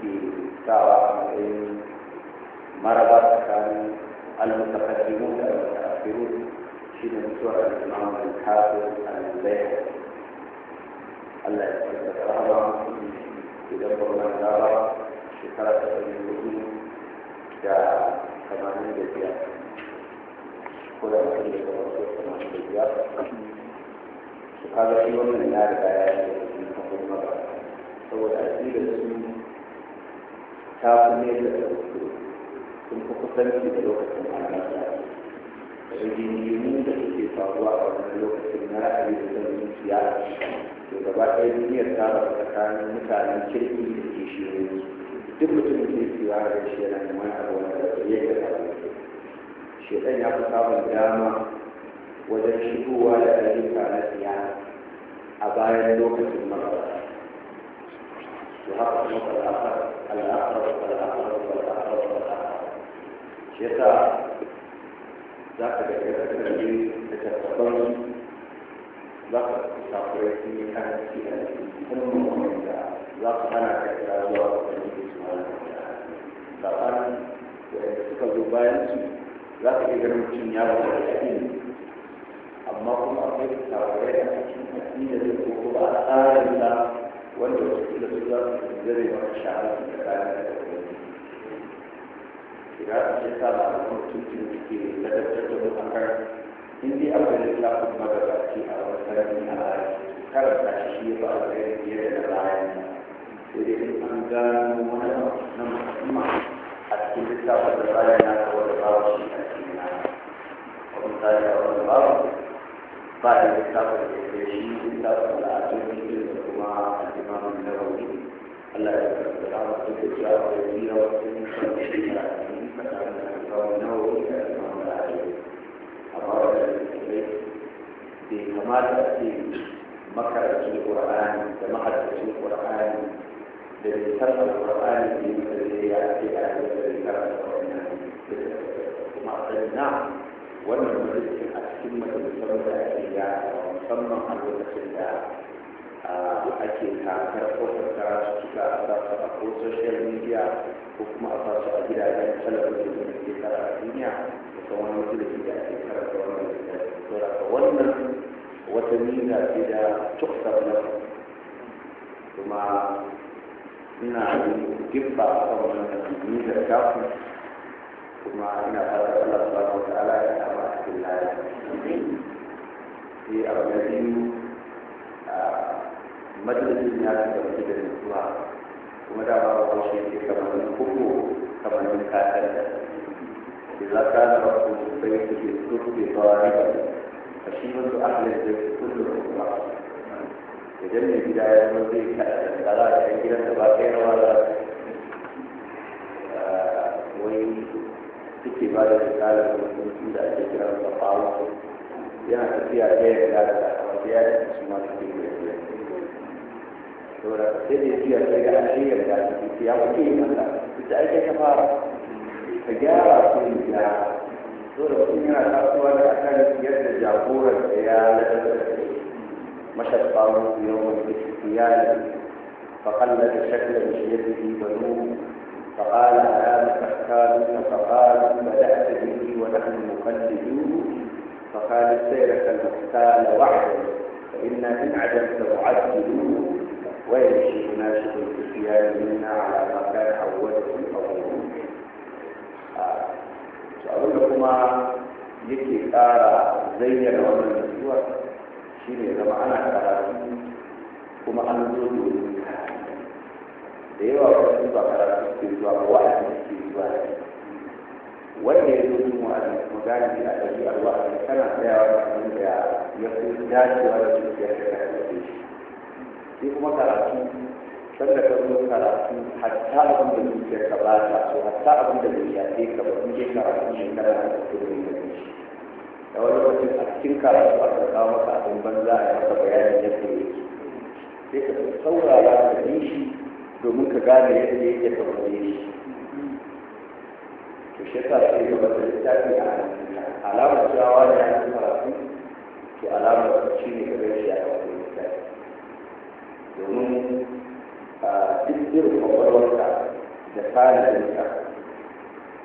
suke sawa a matsayin maraba tsakanin almutakaddinu da almutakafiru shi ne mutuwar al-imam al-kafir al-bayhaqi Allah ya tsarkaka rahama idan ba wani ba shekara ta ɗari hudu da tamanin da biyar ko da mutum da ga wasu tamanin da biyar su kaga shi wannan ya riga ya yi da kuma ba saboda a da su ta fi ne da sun fi kusanci da lokacin annabawa rigingimu da suke faruwa a wani lokacin na ra'ayi da zan zuciya to gaba ɗaya duniyar ta rabu tsakanin mutanen kirki da ke shirin duk mutumin kirki ya da shi yana da mai abu wanda ba ya ga shedan ya fi samun dama wajen shigowa da ayyuka na siyasa a bayan lokacin mara to haka kuma ba al'akarar al'akarar al'akarar al'akarar za ka za ka a cikin da za su zo bayan su za ka iya ya amma kuma akwai tawaye a cikin addinin da ko ba a tsarin da wanda watakila su za su zare wa shahara da kayan da ya ce sa ba a kuma tuntun suke ladabtar da mu akan in dai an gani lafin magabaci a wani sarari na baya karanta shi shi ba a gani fiye da na baya sai dai in an gano wani na musamman a cikin littafin da baya na kawai da bawa shi a cikin na wani tsari a wani bawa بعد الكتاب الإبريشي الكتاب العجمي والجماعة الإمام النووي الله يذكر الكتاب الذي وسلم فكان الإمام النووي الإمام العجمي أمر الإبريش بكمال تأثير مكرة القرآن في القرآن الذي سرق القرآن في مدرسة في أهل القرآن ومع نعم ومن a cikin majalisar da ake yarawa musamman a lokacin da ake kakar kofar karatu suka a su a ko social media ko kuma a sa su a gidajen talabijin da ke kara a duniya da kuma wani majalisi da ake karanta wannan littafi to da wannan wata nuna ce da tukta na kuma ina yin gibba a kan wannan nuna kafin kuma ina fata Allah subhanahu wa ta'ala ya kama abdullahi sai abu na biyu majalisun ya ci gaba da nutsuwa kuma da ba ba shi ke kamar kuku kamar yin kasar da إذا كان رب البيت في الصدق ضاربا فشيمة أهل البيت da رحمة يجني بداية المنزل كأسا فلا يحجل التباكين ولا وين suke ba da misalar da mutum da ake kira da faru yana tafiya ɗaya da da wata ya yi su ma suke da ya saboda sai da tafiya sai ga an shirya da su ya kuke yi masa ita ake ka fara ka gyara su ne gyara saboda mutum yana tasowa da akan yadda jagoran da ya lalata mashaffaru yau mai da shi ya yi faƙallar da shaklar shi ya fi balo فقال لا تختارون فقالوا بدأت به ونحن نقلدوه فقال سيرك المختال وحده فإنا إن عجبت وعدلوه ويمشي مناشد الفتيان منا على ما كان حوله أولهم سأقول لكما yake ƙara zayyana wannan nutsuwa shi ne zama ana karatu kuma an zo da yawa wani ba karatu ke zuwa ba wa'azi ke zuwa da wanda ya zo jin wa'azi kuma galibi a ɗabi'ar wa'azi kana tsayawa da abin da ya fi dacewa da zuciyar da ka da shi sai kuma karatu sanda ka zo karatu hatta abin da zuciyar ka ba ta so hatta abin da bai shafe ka ba in karatu ne kana da kuɗin da shi da wani lokacin a cikin karatu a aka kawo maka abin banza a yi maka bayanin yadda ke. sai ka saurara da shi gane yadda yake tambaye shi to shi ta ce gaba da littafi a alamar cewa da ya yi karatu to alamar shi ne gaba shi a wani littafi domin duk irin kwakwalwarka da tsarinka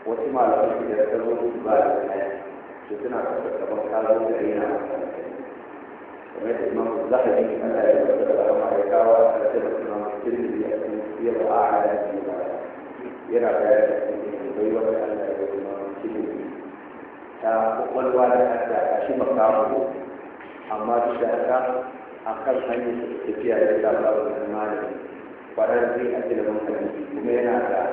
wasu malamai da ta zo su ba da kai to suna kasar kamar kazo da yana masana ومات الإمام الزحف أن أجل لهم عيكاوة على سبب الإمام الترمذي المسير أعلى من يرى ذلك ويوضع أن أجل الإمام الترمذي والوالد حتى أشم قامه أما الشهادة أقل أن يستطيع الإسلام والإيمان ورزي أجل المنتج ومينا على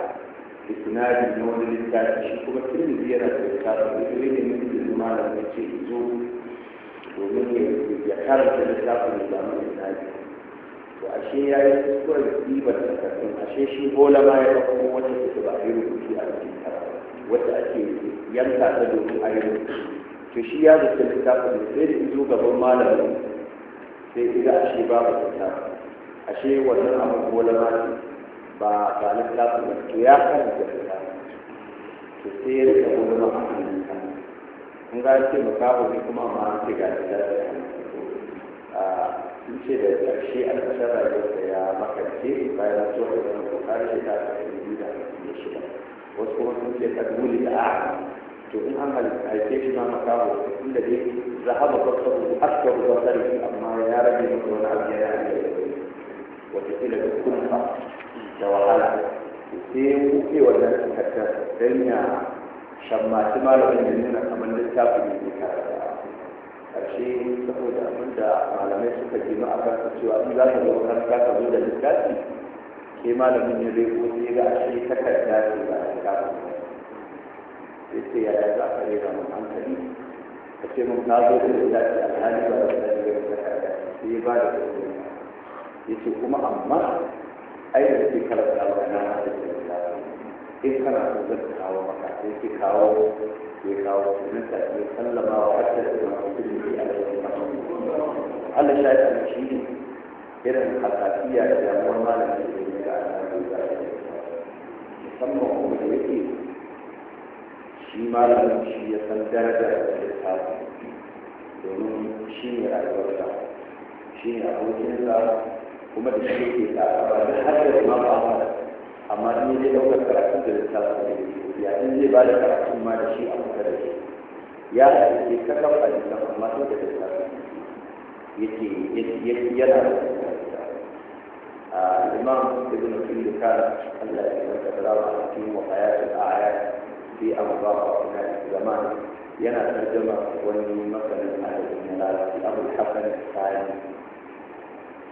إسناد النور للتالي شكوة الترمذي يرى ذلك ويريد أن يجد الإيمان المسير domin ya karanta littafin da zamu da naji to ashe ya yi kuskuren ribar takardun ashe shi bola ma ya ɗauko wata da ba a yi rubutu a cikin wata ake yanka ta domin a yi rubutu to shi ya zuta littafin da sai da izo gaban malamin sai ida ashe babu littafin ashe wannan abin bola ma ba ba littafin to ya karanta littafin to sai ya rika bola ma a cikin in ga ce makaho ne kuma amma an ce ga shi da sun ce da ƙarshe an kasar rayuwarsa ya makarce bayan ya tsohon da wani kokari shi ta ta yi da ya shiga wasu kuma sun ce ta dole da a to in an haife shi ma makaho inda dai zahaba basaru askaru basaru amma ya rage masa wani abu ya rage watakila da kunfa da wahala sai ya kuke wannan takardar don ya shammaci malamin da nuna kamar littafi ne da karanta ƙarshe saboda abin da malamai suka ma a kansa cewa in za ka zo kan ka zo da littafi ke malamin ya zai ko sai ga ashe takarda ce ba a littafi ya ce yaya za ka rera mun hankali ka ce mun na zo da littafi a hali ba da zai ba takarda sai ya ba da kuɗi ya ce kuma amma ai da suke karanta ba na haɗa in kana so zai ka kawo maka sai ki kawo ya kawo sunanta ya sallama wa hatta da mutum ne a cikin Allah ya yi shi ne irin hakakiya da damuwar malamin da ya ga annabi da ya musamman kuma da yake shi malamin shi ya san darajar da ya samu domin shi ne rayuwarsa shi ne abokinsa kuma da shi ke tsara ba da har da ma ba amma in yi daukar karatun da ta sa su ya in zai ba da karatun ma da shi a kuka da shi ya da yake kakaf a jikin amma sun da ta sa su yake yana da a ah, imam ibn kulli kan Allah ya yarda da rawa a cikin wa hayatul ayat fi amba wa kana zaman yana tarjuma wani masalan ayatul nalal fi abul hasan sai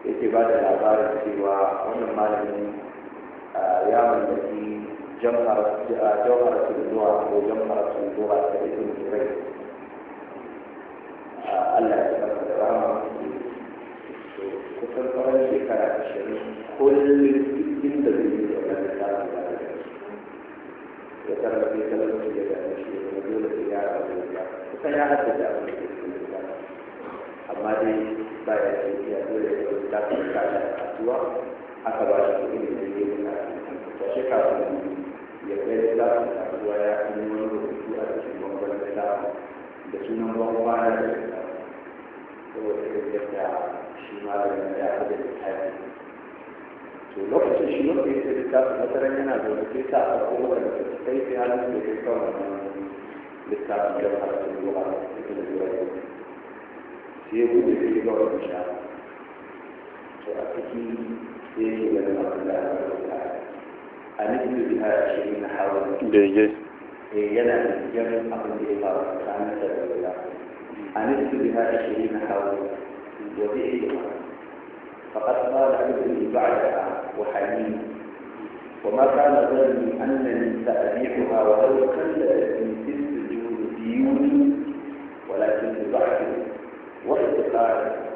yake ba da labarin cewa wannan malamin ايام التي جمهرت جوهرة النور وجمهرة النور كابن جريج الله يسلمك دراما kusan tsawon shekara ashirin kullum inda zai yi da wani tsarin da ya ya tarra bai talauci da gane shi da dole sai ya rabu da kusan ya haɗa da abin da ke cikin amma dai ba ya ce ya dole ya yi da kasuwa aka ba shi kuɗi da zai yi da ta shi kafin ya kai da lafi a zuwa ya kan yi wani rubutu a cikin bangon da lafi da sunan bangon baya da shi saboda yadda shi malamin ya fi da littafi to lokacin shi lokacin da littafin masarar yana zaune sai ta a kuma da sai sai halin da ya kawo wannan littafin da ba su zuwa da ita da zuwa yau sai ya bude sai ya ga wani sha to a cikin أنزل بها عشرين حوالي بيجي ينا جمع أقل إيقاظ عن أنزل بها عشرين حوالي وبيعي فقد قال ابني بعدها وحنين وما كان ظني أنني سأبيعها ولو قلت من تلك الجنود ديوني ولكن بضعف واستقالت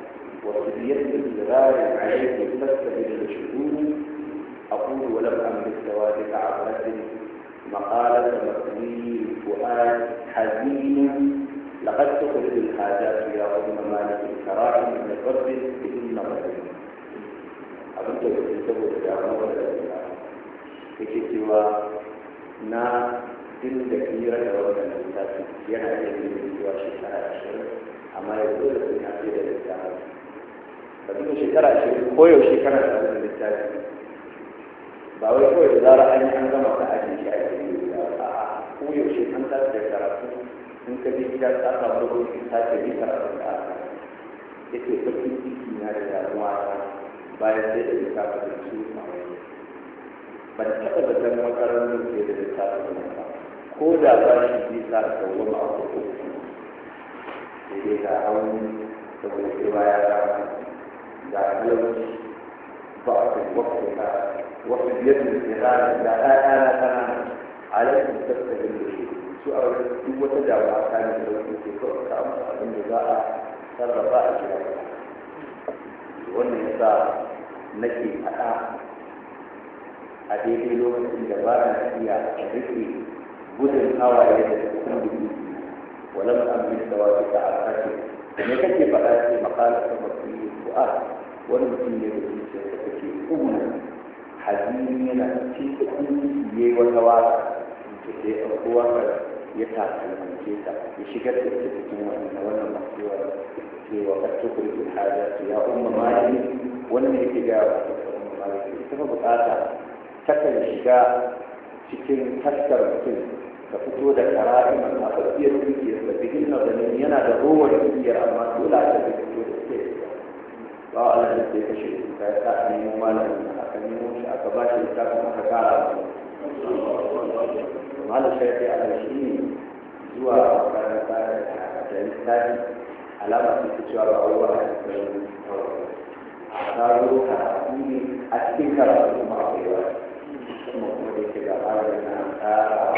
وفديته الغالب عليه المستهل الشهود أقول ولم أملك سواد عبرة مقالة مقلي الفؤاد حزينا لقد تخرج الحاجات يا أم مالك الكرائم من الرب بإن غدين abin da yake saboda damuwar da ya yake cewa na din da kira da wannan littafi yana da yin zuwa shekara ashirin amma yanzu da sun haɗe da littafi ka duka shekara ashirin ko yaushe kana tare da littafi ba wai kawai da zara an yi an gama ka ajiye shi a cikin gida ba ko yaushe an tashi da karatu in ka bi gida ka samu lokaci ka sake yi karatu da aka yake bakin ciki na da damuwa bayan sai da littafi da su a wani ban taɓa da ɗan makarantar sai da littafi da ba ko da ba shi zai sa ka wani abu ko sai dai ga hawan saboda kewa ya rama العلم ضعف الوقت وحدية الإغانة لا أنا تماما عليكم تستهل سؤال وتدعو عن الوقت في كل كامل النزاع الرضاء الجواب والنزاع نكي أتاه a daidai lokacin da ba na iya rike gudun hawaye da cikin gudu walam an bi da wasu da alƙashi me kake faɗa ce makalar da mafi fu'ar wani mutum ne da zuciya da take kuna hazini yana cikin kunci yayi wata waka da sai ya ɗauko wakar ya takalmance ta ya shigar da ita cikin wannan wannan masuwa ce wa ƙarfi kurkin hajjatu ya umma mali wannan yake ga umma mali ita fa bukata takan shiga cikin taskar mutum ka fito da kara'in a tsakiyar dukiyar da bikin nazarin yana da rowar dukiyar amma dole a ta fito da ke Ba'wa Allah ne sai kashe shi ka sa a nemo malami aka nemo shi aka ba shi ta kuma ka kara malam shafi a shi ne zuwa makaranta da littafi alama ce cewa ba wai a cikin ta zo ne a cikin karatu kuma akwai wani kuma kuma da yake ga na kara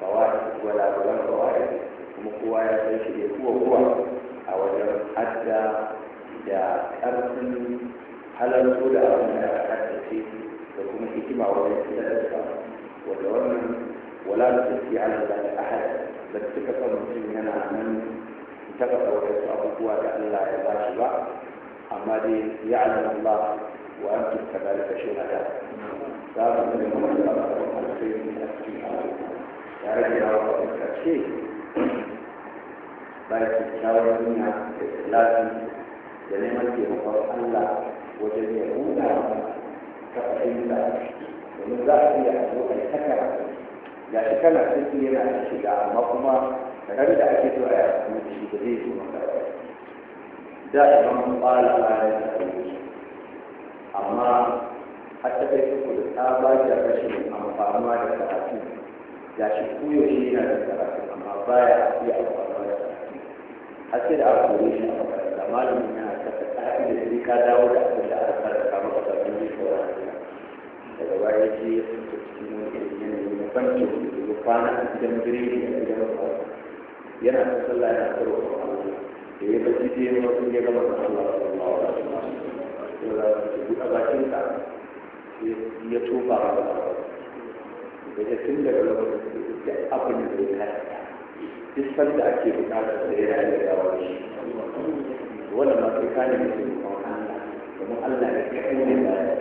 ba wa da wala wala ba wa kuma kowa ya san shi ne kuwa kuwa da ƙarfin halarto da abin da aka tattace da kuma hikima wajen fitar da wanda wannan wala da tafi ala da ahad da suka san mutum yana nan ta ga wasu abubuwa da Allah ya ba shi ba amma dai ya alama Allah wa antum kadhalika shuhada za mu ne mun da ba ta cikin ya rage rawa a cikin ce bayan kyakkyawar duniya da lafiya da neman taimakon Allah wajen ya buɗa maka ka fahimta domin za su iya zo a takara ya shi kana ciki yana shiga amma kuma ran da ake zuwa ya kuma shi da zai zo maka da imam ƙwala ƙwala ya tsaye amma har ta kai suku da tsabajar rashin amfanuwa da karatu ya shi kuyo shi yana da karatu amma baya iya amfanuwa da karatu har sai da aka kore shi a makaranta malamin ka dawo da abin da aka fara kama a sabon yi ko daga baya ji cikin wani yanayi na banki da kwana a gidan birni a gidan kwana yana da sallah yana karo a kwana da ya bacci je ya wasu ya gama da Allah sallallahu alaihi wasallam a bakin ka ya tofa a kwana da ya tun daga lokacin da abin da ya kasa duk sanda ake bukatar da ya rayu da gawa shi wannan ma sai kane mutum Kuma Allah ya kai ne da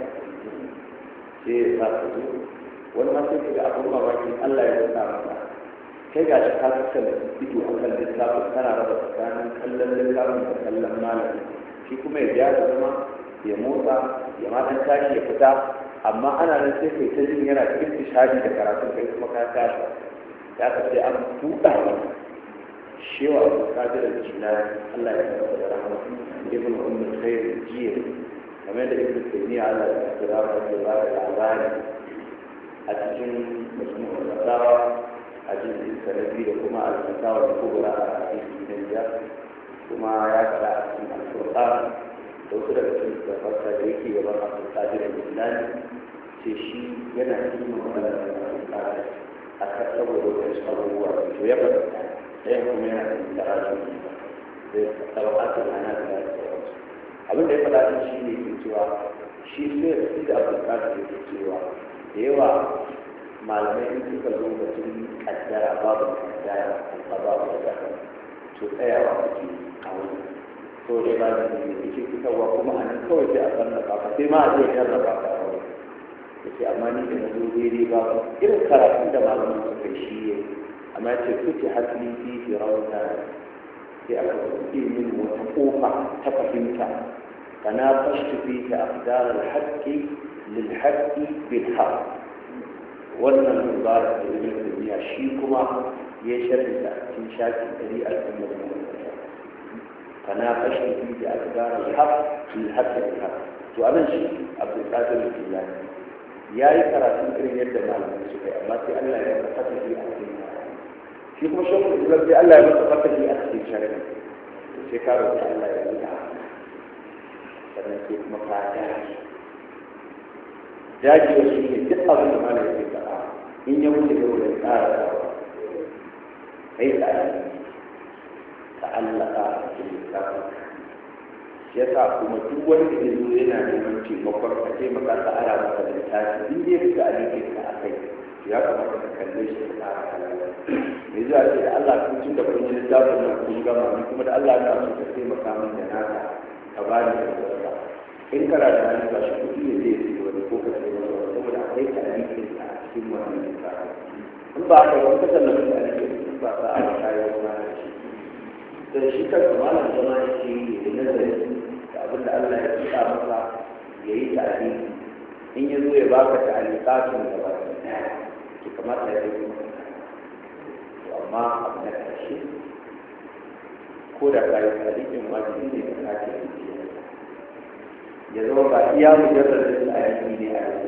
sai ya sa su zo wani ma sai ga abin mamaki Allah ya nuna maka kai ga shi ka ido a kan littafin kana raba tsakanin kallon littafin da kallon malamin shi kuma ya gyara zama ya motsa ya ma tashi ya fita amma ana nan sai kai ta jin yana cikin tishadi da karatun kai kuma ka tashi ya ka an buɗa الشيوخ ابو القادر الجيلاني الله يحفظه رحمه ابن ام الخير الجير كمان ابن التيميه على اختراق الجبار العباري الجن مجموع الفتاوى الجن السلفي لكما الفتاوى الكبرى في الجنيه كما يعتبر في القران دكتور الجن تفكر بيكي وبرحمه القادر الجيلاني في شيء ينعكس من قبل الفتاوى الكبرى الكبرى الكبرى الكبرى الكبرى الكبرى ɗayan kuma yana da tarajin da tabbatar da ana da sauransu abin da ya faɗa shi ne ke cewa shi sai da su da abokar da ke cewa da yawa malamai in suka zo batun kaddara babu kaddara a babu kaddara to tsayawa kuke a wani ko da ba da ne yake fitarwa kuma a nan kawai sai a san sarrafa ka sai ma a zai ba ka a wani yake amma ni da na zo daidai ba irin karatun da malamai suka shi ya yi amma ce kuke hasli fi firawuna sai aka buɗe min wata ƙofa ta fahimta kana fashtu fi ta afdar alhaqqi lil haqqi bil haqq wannan mubarak da ibn tabiya shi kuma ya sharhi da cikin shafi dari al-ummah kana fashtu fi ta afdar alhaqq lil haqqi bil haqq to anan shi abdul qadir al-jilani yayi karatun irin yadda malamin su yi amma sai Allah ya fata shi a كيفما شوف الذي قال لها بس قتل لي أخي شرم في كارو قال لها يا ميدا فأنا كيف مفاتاش جاجي وشيني تبقى في المال يا ميدا إن يوم تقول لك هذا هيدا تعلق في الكارو شيسا كما تقول لك لنا لمن في مقر فكيف مقاطع عرب فلنسان دي دي بس أليك يا كما تتكلمش zuwa ce da Allah kun tun da kun yi littafin nan kun gama ni kuma da Allah ya so ka taimaka min da naka ka ba ni da wata in da na ba shi kuɗi ne zai yi wani ko ka taimaka wani saboda akwai tarihin a cikin wannan littafin in ba ka wani kasar na mutane in ba ka a kayan wani shi da shi kansa malam zama yake yi da nazari da abin da Allah ya tuka masa ya yi tarihi in ya zo ya baka ta'aliƙatun da ba ta kamata ya yi amma abu na ƙarshe ko da kayan sadiƙin wajibi ne ka sake zuciya ya zama ba iya mujarrar da su a yanki ne a yanki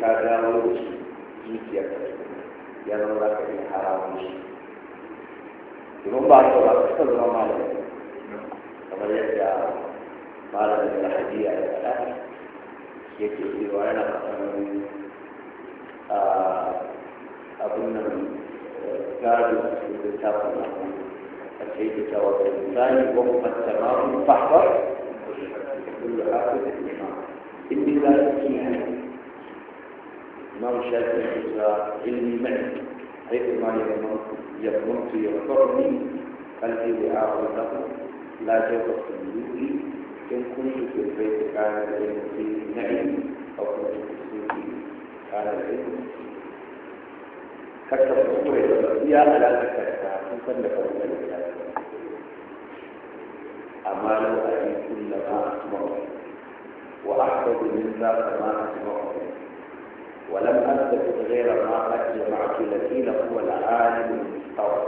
ba sai ka dawo da shi zuciyar ka ya zama za ka iya haramun shi domin ba ka ba ka zama malami kamar yadda malamin da hadiya ya faɗa yake cewa yana faɗa ah, abun nan كانوا في الكتاب السيد جواب الإنسان وهم التمام فاحضر كل حافظ الإمام إني لا أبكيها إمام شافعي علمي معي حيثما يظننت يغفرني قلبي وآخر له لا جواب صديقي إن كنت في البيت كان العلم فيه نعيم أو كنت في السوق كان العلم فيه kakka kuskure iya alaƙar kakka sun san da kawai da amma lau a yi kulla ma asma'u wa ahsadu min zaka ma asma'u ولم أثبت غير ما قد جمعت الذين هو العالم المستوى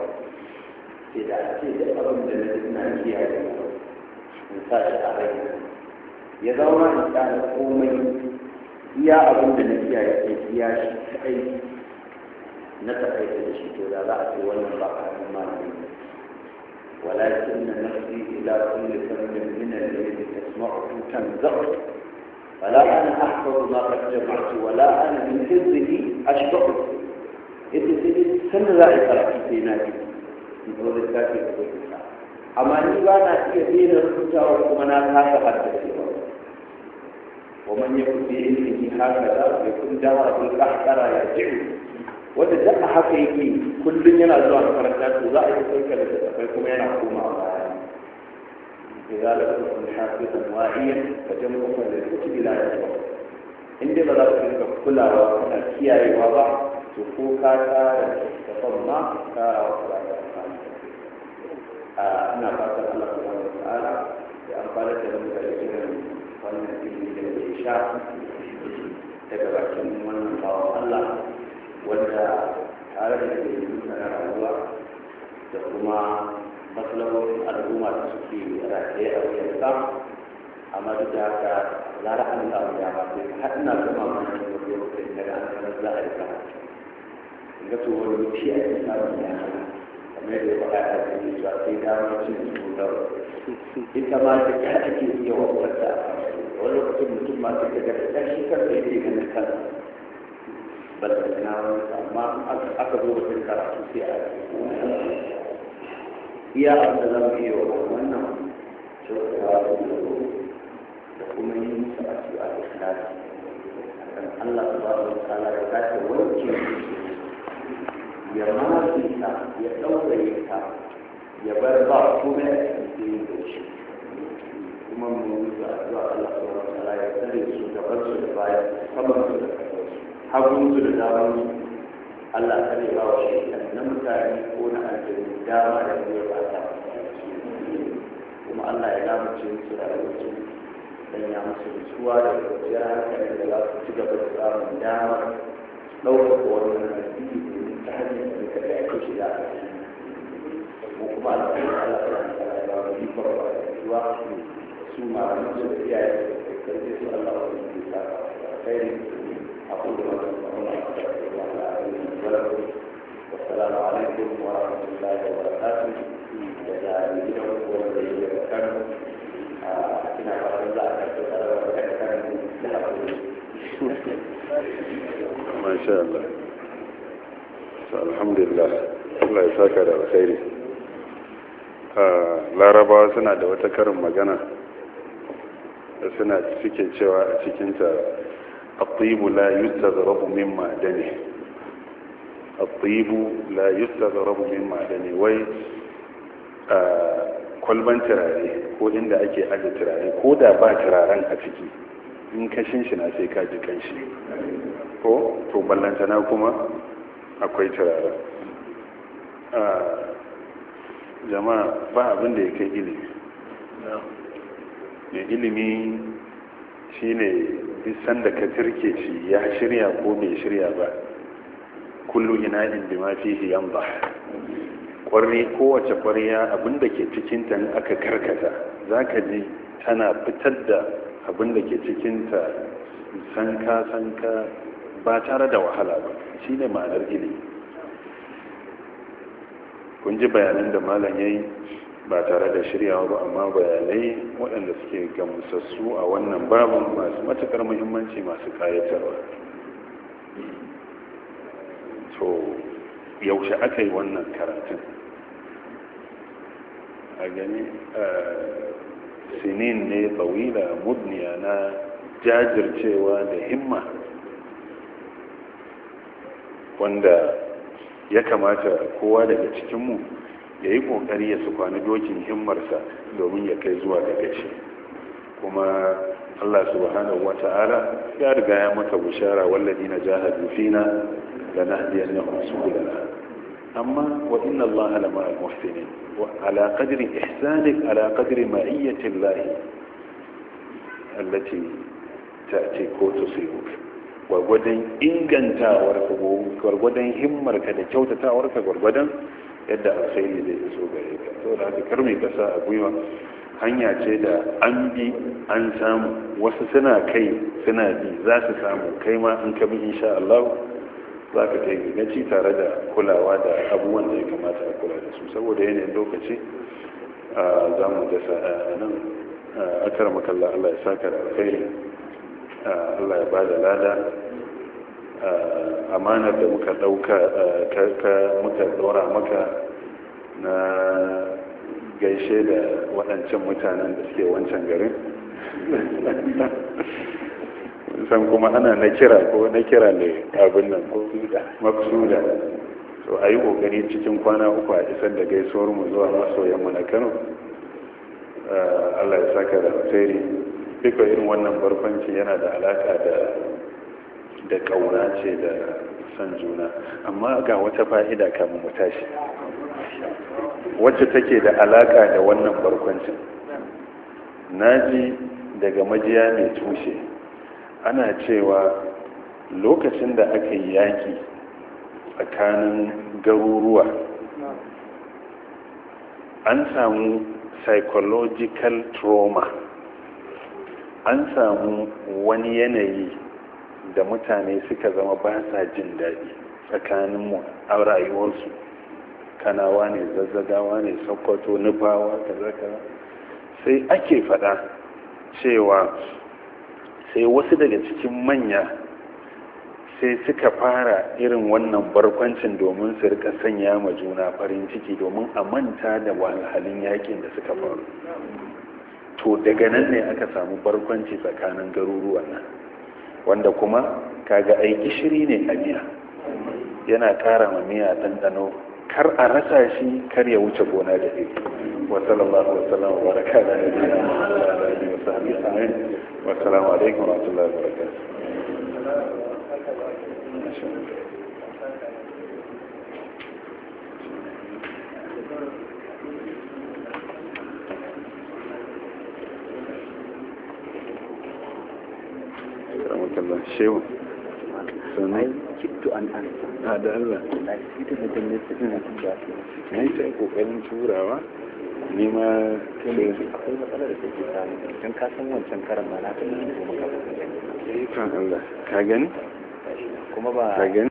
إذا أتيت أظن أن الإنسان فيها جمعه من ساشي عليه يدور إنسان قومي يا أظن أن فيها na taƙaita da shi to da za a ce wannan ba ƙaramin malami ne ولكن نفسي إلى كل فن من الذي تسمعه تنزع فلا أنا أحفظ ما قد جمعت ولا أنا za a أشبعه إذ سيدي سنزع تركي في نادي يقول الكافي يقول amma ni ba na iya daina rubutawar kuma na kasa haddacewa wa man yaku bi ilmihi haka za ku kun dawa ya wanda duk a haka yake kullum yana zuwa makaranta to za a yi da kuma yana baya إذا لم تكن حافظا واعيا فجمعك للكتب لا يجوع عند بلغتك كل وضع تفوكا تفضنا أنا فاتح الله سبحانه وتعالى لأن قالت لهم كالجنة قالنا في الإشاء تبقى كم من الله wanda tare da ke yi na rayuwa da kuma matsalolin al'umma da suke rataye a wajen sam amma duk ta haka zara an samu dama sai har ina kuma mana da wani lokacin da an za a yi sama ga to wani lokaci a cikin samun ya kamar da ya faɗa a cikin cewa sai dama cin tsoron ita ma ta ya ake iya wasu wata wani lokacin mutum ma ta ga ta shi kansa ganin kansa balantana amma aka zo batun karatu sai a iya abin da za mu iya wa wannan kyautatawa da da kuma yi musu addu'a da ikhlasi akan Allah subhanahu wa ta'ala ya kace wanke ya matsi ta ya tsauraye ta ya bar ba komai ya cikin da shi kuma mu yi addu'a Allah subhanahu wa ta'ala ya tsare su da su da baya saman hagunsu da damansu Allah ta ne bawa wa shaitan na mutane ko na aljanu dama da kuma ba ta kuma Allah ya lamuce musu rayuwarsu dan ya musu nutsuwa da kwanciyar hankali da za su ci gaba da samun damar ɗaukaka wannan addini domin ta hanyar da ka ga yake shiga a mu kuma Allah ya ba mu yi farko da zuwa su ma da iyaye da kai ta Allah ya yi ta Ah, larabawa suna da wata karin magana suna cikin cewa a cikinta الطيب لا يستغرب من معدنه الطيب لا يستغرب من معدنه وي kwalban turare ko inda ake aje turare ko da ba turaren a ciki in kashin shi na sai kaji kanshi ko to ballantana kuma akwai turaren ah, jama'a ba abin da ya kai ilimi ilimi shi ne. duk sanda ka turke shi ya shirya ko bai shirya ba kullu ina in bi ma fihi yanba kwarri kowace kwarya abin da ke cikinta in aka karkata zaka ji tana fitar da abin da ke cikinta sanka sanka ba tare da wahala ba shine ma'anar ilimi kun ji bayanan da malam yayi ba tare da shiryawa ba amma bayanai waɗanda suke gamsassu a wannan babin masu matuƙar muhimmanci masu kayatarwa to yaushe aka yi wannan karatun a gani eh, sinin ne tsawila mudniya na jajircewa da himma wanda ya kamata kowa daga cikinmu ya yi ƙoƙari ya sukwana dokin himmarsa domin ya kai zuwa ga gashi kuma Allah subhanahu wa ta'ala ya riga ya maka bishara wallazi na jahadu Dufina da na hadiyar na rasulana amma wa inna Allah la ma'al muhsinin wa ihsanin, qadri ihsanik ala qadri ma'iyyati Allah allati ta'ti ko tusibuk gwargwadon ingantawarka gwargwadon himmarka da kyautatawarka gwargwadon yadda alkhairi zai iso gare ka to da haka kar mai kasa a gwiwa hanya ce da an bi an samu wasu suna kai suna bi za su samu kai ma an kabi insha Allah za ka kai gaci tare da kulawa da abubuwan da ya kamata a kula da su saboda yanayin lokaci za mu dasa a nan akar makalla Allah ya saka da alkhairi Allah ya bada lada Eh, amanar da muka dauka eh, ka muka dora maka na gaishe da waɗancan mutanen da suke wancan garin san kuma ana na kira ko na kira ne abin nan ko mafsuda so a yi ƙoƙari cikin kwana uku a isar da gaisuwar mu zuwa masoyanmu na kano eh, allah ya saka da alheri duka irin wannan barkwanci yana da alaƙa da da kauna ce da son juna amma ga wata fa'ida kamun mu tashi wacce take da alaƙa da wannan barkwancin ji daga majiya mai tushe ana cewa lokacin da aka yi yaƙi tsakanin garuruwa an samu psychological trauma an samu wani yanayi da mutane suka zama ba sa jin daɗi tsakaninmu a rayuwarsu kanawa ne zazzagawa ne sokoto nufawa kaza kaza sai ake faɗa cewa sai wasu daga cikin manya sai suka fara irin wannan barkwancin domin su rika sanya ma juna farin ciki domin a manta da wahalhalin yakin da suka faru to daga nan ne aka samu barkwanci tsakanin garuruwan nan wanda kuma kaga ai gishiri ne a miya yana ƙara ma miya ɗanɗano kar a rasa shi kar ya wuce gona da ita wa sallallahu wa sallam wa baraka da nabiyina wa ala wa sallam wa assalamu alaikum wa rahmatullahi wa barakatuh shehu sannan kittu an ansa a ah, da Allah na yi kokarin turawa nema ma akwai matsalar da take samu don ka san wancan karan ma na yi kuma eh, ka gani kuma ba ka gani